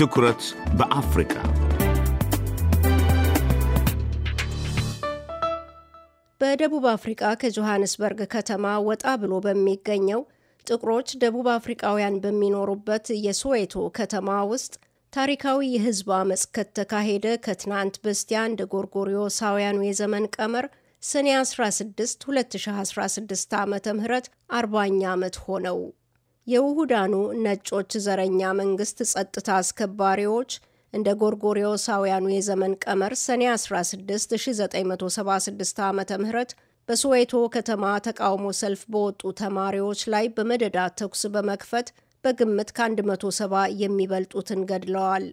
ትኩረት በአፍሪካ በደቡብ አፍሪቃ ከጆሃንስበርግ ከተማ ወጣ ብሎ በሚገኘው ጥቁሮች ደቡብ አፍሪቃውያን በሚኖሩበት የሶዌቶ ከተማ ውስጥ ታሪካዊ የህዝብ አመፅ ከተካሄደ ከትናንት በስቲያ እንደ ጎርጎሪዮሳውያኑ የዘመን ቀመር ሰኔ 16 2016 ዓ ም 40ኛ ዓመት ሆነው የውሁዳኑ ነጮች ዘረኛ መንግስት ጸጥታ አስከባሪዎች እንደ ጎርጎሪዮሳውያኑ የዘመን ቀመር ሰኔ 16 1976 ዓ ም በሶዌቶ ከተማ ተቃውሞ ሰልፍ በወጡ ተማሪዎች ላይ በመደዳ ተኩስ በመክፈት በግምት ከ170 የሚበልጡትን ገድለዋል።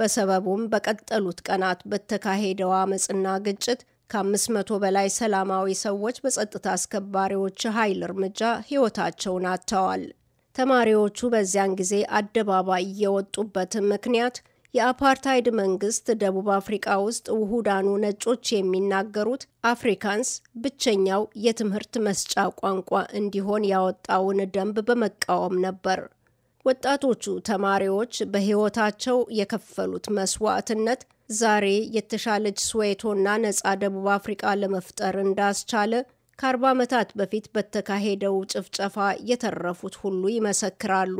በሰበቡም በቀጠሉት ቀናት በተካሄደው አመፅና ግጭት ከ500 በላይ ሰላማዊ ሰዎች በጸጥታ አስከባሪዎች ኃይል እርምጃ ሕይወታቸውን አጥተዋል። ተማሪዎቹ በዚያን ጊዜ አደባባይ የወጡበት ምክንያት የአፓርታይድ መንግስት ደቡብ አፍሪቃ ውስጥ ውሁዳኑ ነጮች የሚናገሩት አፍሪካንስ ብቸኛው የትምህርት መስጫ ቋንቋ እንዲሆን ያወጣውን ደንብ በመቃወም ነበር። ወጣቶቹ ተማሪዎች በሕይወታቸው የከፈሉት መስዋዕትነት ዛሬ የተሻለች ስዌቶና ነፃ ደቡብ አፍሪቃ ለመፍጠር እንዳስቻለ ከ40 ዓመታት በፊት በተካሄደው ጭፍጨፋ የተረፉት ሁሉ ይመሰክራሉ።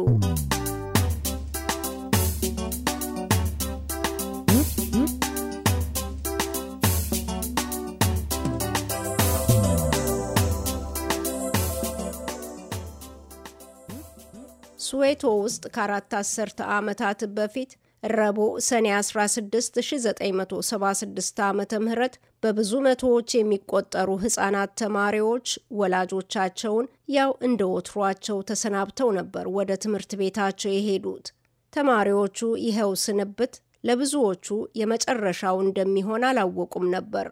ስዌቶ ውስጥ ከአራት አስርተ ዓመታት በፊት ረቡዕ ሰኔ 16 1976 ዓ ም በብዙ መቶዎች የሚቆጠሩ ህጻናት ተማሪዎች ወላጆቻቸውን ያው እንደ ወትሯቸው ተሰናብተው ነበር ወደ ትምህርት ቤታቸው የሄዱት። ተማሪዎቹ ይኸው ስንብት ለብዙዎቹ የመጨረሻው እንደሚሆን አላወቁም ነበር።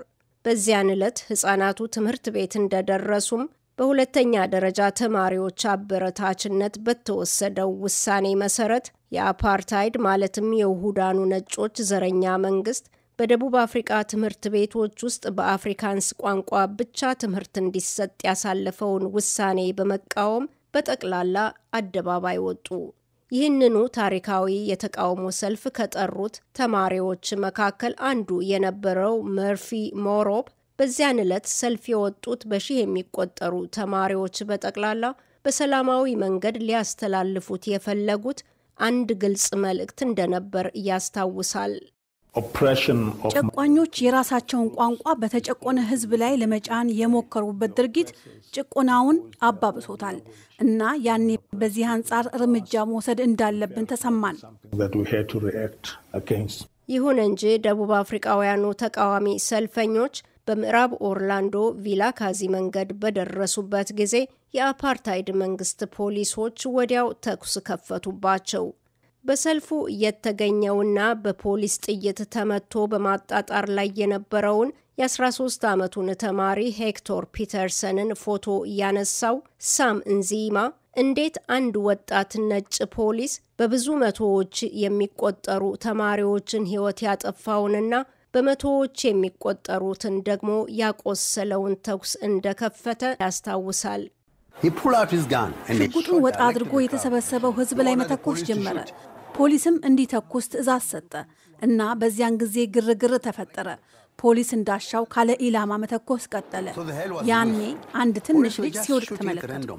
በዚያን ዕለት ህጻናቱ ትምህርት ቤት እንደደረሱም በሁለተኛ ደረጃ ተማሪዎች አበረታችነት በተወሰደው ውሳኔ መሰረት የአፓርታይድ ማለትም የውሁዳኑ ነጮች ዘረኛ መንግስት በደቡብ አፍሪቃ ትምህርት ቤቶች ውስጥ በአፍሪካንስ ቋንቋ ብቻ ትምህርት እንዲሰጥ ያሳለፈውን ውሳኔ በመቃወም በጠቅላላ አደባባይ ወጡ። ይህንኑ ታሪካዊ የተቃውሞ ሰልፍ ከጠሩት ተማሪዎች መካከል አንዱ የነበረው መርፊ ሞሮብ በዚያን ዕለት ሰልፍ የወጡት በሺህ የሚቆጠሩ ተማሪዎች በጠቅላላ በሰላማዊ መንገድ ሊያስተላልፉት የፈለጉት አንድ ግልጽ መልእክት እንደነበር ያስታውሳል። ጨቋኞች የራሳቸውን ቋንቋ በተጨቆነ ሕዝብ ላይ ለመጫን የሞከሩበት ድርጊት ጭቆናውን አባብሶታል እና ያኔ በዚህ አንጻር እርምጃ መውሰድ እንዳለብን ተሰማን። ይሁን እንጂ ደቡብ አፍሪቃውያኑ ተቃዋሚ ሰልፈኞች በምዕራብ ኦርላንዶ ቪላ ካዚ መንገድ በደረሱበት ጊዜ የአፓርታይድ መንግስት ፖሊሶች ወዲያው ተኩስ ከፈቱባቸው። በሰልፉ የተገኘውና በፖሊስ ጥይት ተመቶ በማጣጣር ላይ የነበረውን የ13 ዓመቱን ተማሪ ሄክቶር ፒተርሰንን ፎቶ እያነሳው ሳም እንዚማ እንዴት አንድ ወጣት ነጭ ፖሊስ በብዙ መቶዎች የሚቆጠሩ ተማሪዎችን ሕይወት ያጠፋውንና በመቶዎች የሚቆጠሩትን ደግሞ ያቆሰለውን ተኩስ እንደከፈተ ያስታውሳል። ሽጉጡን ወጣ አድርጎ የተሰበሰበው ህዝብ ላይ መተኮስ ጀመረ። ፖሊስም እንዲተኩስ ትዕዛዝ ሰጠ እና በዚያን ጊዜ ግርግር ተፈጠረ። ፖሊስ እንዳሻው ካለ ኢላማ መተኮስ ቀጠለ። ያኔ አንድ ትንሽ ልጅ ሲወድቅ ተመለከቱ።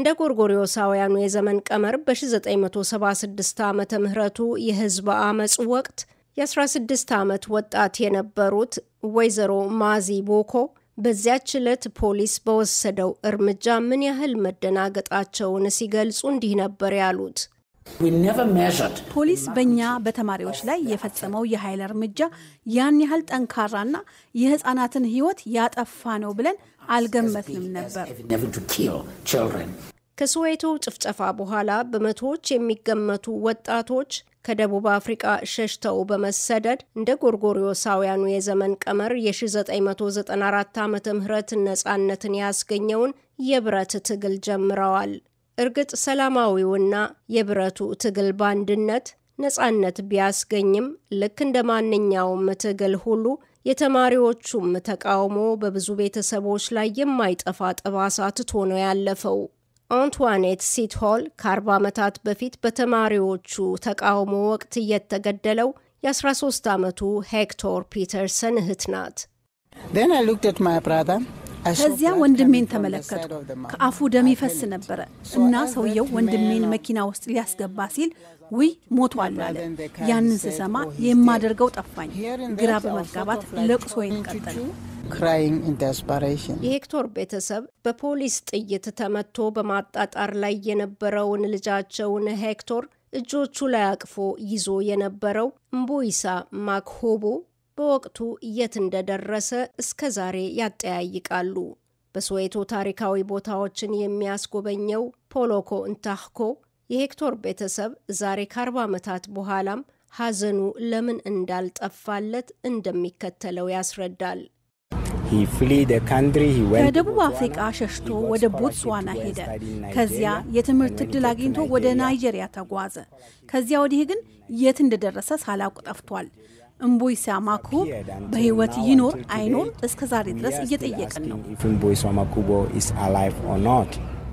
እንደ ጎርጎሪዮሳውያኑ የዘመን ቀመር በ1976 ዓመተ ምህረቱ የህዝብ አመፅ ወቅት የ16 ዓመት ወጣት የነበሩት ወይዘሮ ማዚ ቦኮ በዚያች ዕለት ፖሊስ በወሰደው እርምጃ ምን ያህል መደናገጣቸውን ሲገልጹ እንዲህ ነበር ያሉት። ፖሊስ በእኛ በተማሪዎች ላይ የፈጸመው የኃይል እርምጃ ያን ያህል ጠንካራና የሕፃናትን ሕይወት ያጠፋ ነው ብለን አልገመትንም ነበር። ከሶዌቶ ጭፍጨፋ በኋላ በመቶዎች የሚገመቱ ወጣቶች ከደቡብ አፍሪቃ ሸሽተው በመሰደድ እንደ ጎርጎሪዮሳውያኑ የዘመን ቀመር የ1994 ዓ ም ነፃነትን ያስገኘውን የብረት ትግል ጀምረዋል። እርግጥ ሰላማዊውና የብረቱ ትግል በአንድነት ነፃነት ቢያስገኝም ልክ እንደ ማንኛውም ትግል ሁሉ የተማሪዎቹም ተቃውሞ በብዙ ቤተሰቦች ላይ የማይጠፋ ጠባሳ ትቶ ነው ያለፈው። አንቷኔት ሲትሆል ከ40 ዓመታት በፊት በተማሪዎቹ ተቃውሞ ወቅት እየተገደለው የ13 ዓመቱ ሄክቶር ፒተርሰን እህት ናት። ከዚያ ወንድሜን ተመለከቱ። ከአፉ ደም ይፈስ ነበረ እና ሰውየው ወንድሜን መኪና ውስጥ ሊያስገባ ሲል ውይ ሞቷል አለ። ያንን ስሰማ oh, የማደርገው ጠፋኝ። ግራ በመጋባት ለቅሶ ይንቀጠል የሄክቶር ቤተሰብ በፖሊስ ጥይት ተመቶ በማጣጣር ላይ የነበረውን ልጃቸውን ሄክቶር እጆቹ ላይ አቅፎ ይዞ የነበረው እምቦይሳ ማክሆቦ በወቅቱ የት እንደደረሰ እስከ ዛሬ ያጠያይቃሉ። በሶዌቶ ታሪካዊ ቦታዎችን የሚያስጎበኘው ፖሎኮ እንታህኮ የሄክቶር ቤተሰብ ዛሬ ከ40 ዓመታት በኋላም ሐዘኑ ለምን እንዳልጠፋለት እንደሚከተለው ያስረዳል። ከደቡብ አፍሪቃ ሸሽቶ ወደ ቦትስዋና ሄደ። ከዚያ የትምህርት እድል አግኝቶ ወደ ናይጄሪያ ተጓዘ። ከዚያ ወዲህ ግን የት እንደደረሰ ሳላውቅ ጠፍቷል። እምቦይሳ ማኩብ በህይወት ይኖር አይኖር ዛሬ ድረስ እየጠየቅን ነው።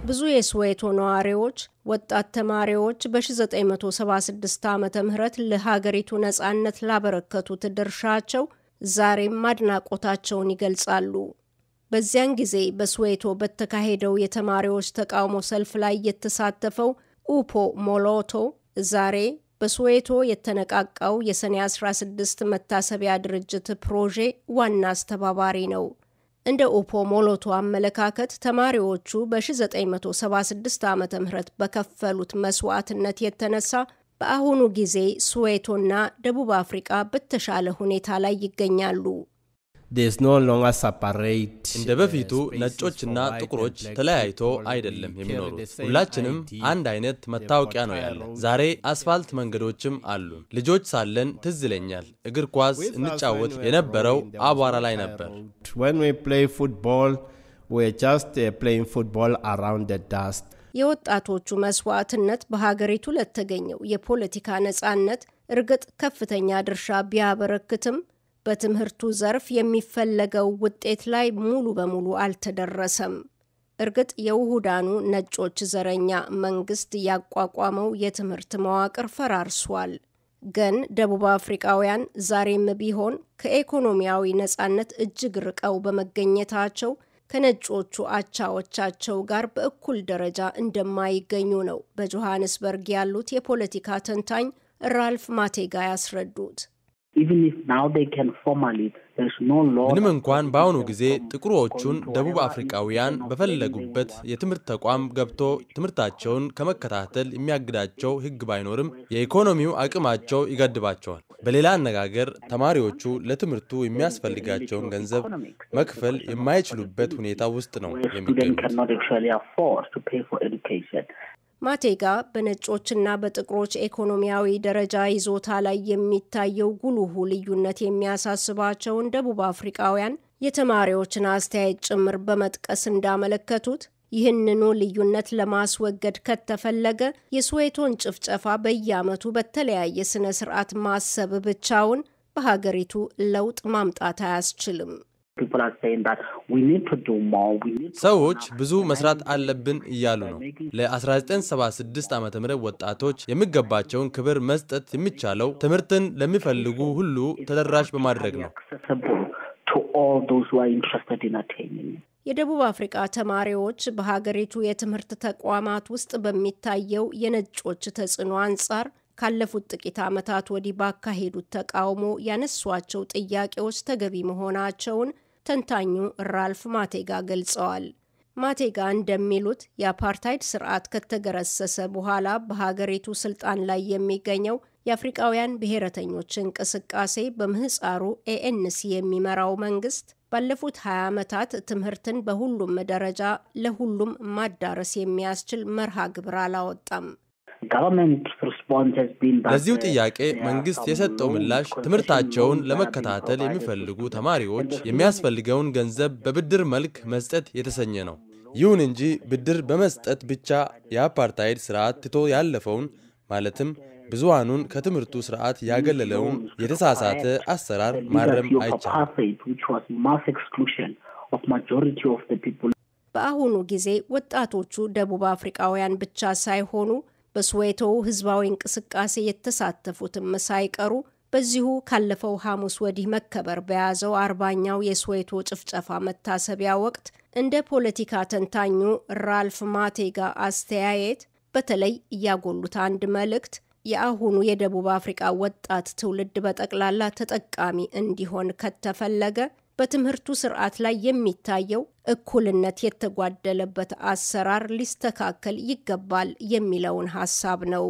ብዙ የስዌቶ ነዋሪዎች ወጣት ተማሪዎች በ1976 ዓ ም ለሀገሪቱ ነጻነት ላበረከቱት ድርሻቸው ዛሬም አድናቆታቸውን ይገልጻሉ። በዚያን ጊዜ በስዌቶ በተካሄደው የተማሪዎች ተቃውሞ ሰልፍ ላይ የተሳተፈው ኡፖ ሞሎቶ ዛሬ በስዌቶ የተነቃቃው የሰኔ 16 መታሰቢያ ድርጅት ፕሮጄ ዋና አስተባባሪ ነው። እንደ ኡፖ ሞሎቶ አመለካከት ተማሪዎቹ በ1976 ዓ ም በከፈሉት መስዋዕትነት የተነሳ በአሁኑ ጊዜ ስዌቶና ደቡብ አፍሪቃ በተሻለ ሁኔታ ላይ ይገኛሉ። እንደ በፊቱ ነጮችና ጥቁሮች ተለያይቶ አይደለም የሚኖሩ ሁላችንም አንድ አይነት መታወቂያ ነው ያለ ዛሬ አስፋልት መንገዶችም አሉ። ልጆች ሳለን ትዝ ይለኛል እግር ኳስ እንጫወት የነበረው አቧራ ላይ ነበር። ፉትቦል ዳስት የወጣቶቹ መስዋዕትነት በሀገሪቱ ለተገኘው የፖለቲካ ነጻነት እርግጥ ከፍተኛ ድርሻ ቢያበረክትም በትምህርቱ ዘርፍ የሚፈለገው ውጤት ላይ ሙሉ በሙሉ አልተደረሰም። እርግጥ የውሁዳኑ ነጮች ዘረኛ መንግስት ያቋቋመው የትምህርት መዋቅር ፈራርሷል። ግን ደቡብ አፍሪቃውያን ዛሬም ቢሆን ከኢኮኖሚያዊ ነጻነት እጅግ ርቀው በመገኘታቸው ከነጮቹ አቻዎቻቸው ጋር በእኩል ደረጃ እንደማይገኙ ነው በጆሃንስበርግ ያሉት የፖለቲካ ተንታኝ ራልፍ ማቴጋ ያስረዱት። ምንም እንኳን በአሁኑ ጊዜ ጥቁሮቹን ደቡብ አፍሪካውያን በፈለጉበት የትምህርት ተቋም ገብቶ ትምህርታቸውን ከመከታተል የሚያግዳቸው ሕግ ባይኖርም የኢኮኖሚው አቅማቸው ይገድባቸዋል። በሌላ አነጋገር ተማሪዎቹ ለትምህርቱ የሚያስፈልጋቸውን ገንዘብ መክፈል የማይችሉበት ሁኔታ ውስጥ ነው የሚገኙት። ማቴጋ በነጮችና በጥቁሮች ኢኮኖሚያዊ ደረጃ ይዞታ ላይ የሚታየው ጉልሁ ልዩነት የሚያሳስባቸውን ደቡብ አፍሪቃውያን የተማሪዎችን አስተያየት ጭምር በመጥቀስ እንዳመለከቱት ይህንኑ ልዩነት ለማስወገድ ከተፈለገ የስዌቶን ጭፍጨፋ በየዓመቱ በተለያየ ስነ ስርዓት ማሰብ ብቻውን በሀገሪቱ ለውጥ ማምጣት አያስችልም። ሰዎች ብዙ መስራት አለብን እያሉ ነው። ለ1976 ዓ ም ወጣቶች የሚገባቸውን ክብር መስጠት የሚቻለው ትምህርትን ለሚፈልጉ ሁሉ ተደራሽ በማድረግ ነው። የደቡብ አፍሪቃ ተማሪዎች በሀገሪቱ የትምህርት ተቋማት ውስጥ በሚታየው የነጮች ተጽዕኖ አንጻር ካለፉት ጥቂት ዓመታት ወዲህ ባካሄዱት ተቃውሞ ያነሷቸው ጥያቄዎች ተገቢ መሆናቸውን ተንታኙ ራልፍ ማቴጋ ገልጸዋል። ማቴጋ እንደሚሉት የአፓርታይድ ስርዓት ከተገረሰሰ በኋላ በሀገሪቱ ስልጣን ላይ የሚገኘው የአፍሪቃውያን ብሔረተኞች እንቅስቃሴ በምህፃሩ ኤኤንሲ የሚመራው መንግስት ባለፉት 20 ዓመታት ትምህርትን በሁሉም ደረጃ ለሁሉም ማዳረስ የሚያስችል መርሃ ግብር አላወጣም። ለዚሁ ጥያቄ መንግስት የሰጠው ምላሽ ትምህርታቸውን ለመከታተል የሚፈልጉ ተማሪዎች የሚያስፈልገውን ገንዘብ በብድር መልክ መስጠት የተሰኘ ነው። ይሁን እንጂ ብድር በመስጠት ብቻ የአፓርታይድ ስርዓት ትቶ ያለፈውን ማለትም ብዙሃኑን ከትምህርቱ ስርዓት ያገለለውን የተሳሳተ አሰራር ማረም አይቻልም። በአሁኑ ጊዜ ወጣቶቹ ደቡብ አፍሪቃውያን ብቻ ሳይሆኑ በስዌቶው ህዝባዊ እንቅስቃሴ የተሳተፉትም ሳይቀሩ በዚሁ ካለፈው ሐሙስ ወዲህ መከበር በያዘው አርባኛው የስዌቶ ጭፍጨፋ መታሰቢያ ወቅት እንደ ፖለቲካ ተንታኙ ራልፍ ማቴጋ አስተያየት በተለይ እያጎሉት አንድ መልእክት የአሁኑ የደቡብ አፍሪቃ ወጣት ትውልድ በጠቅላላ ተጠቃሚ እንዲሆን ከተፈለገ በትምህርቱ ስርዓት ላይ የሚታየው እኩልነት የተጓደለበት አሰራር ሊስተካከል ይገባል የሚለውን ሀሳብ ነው።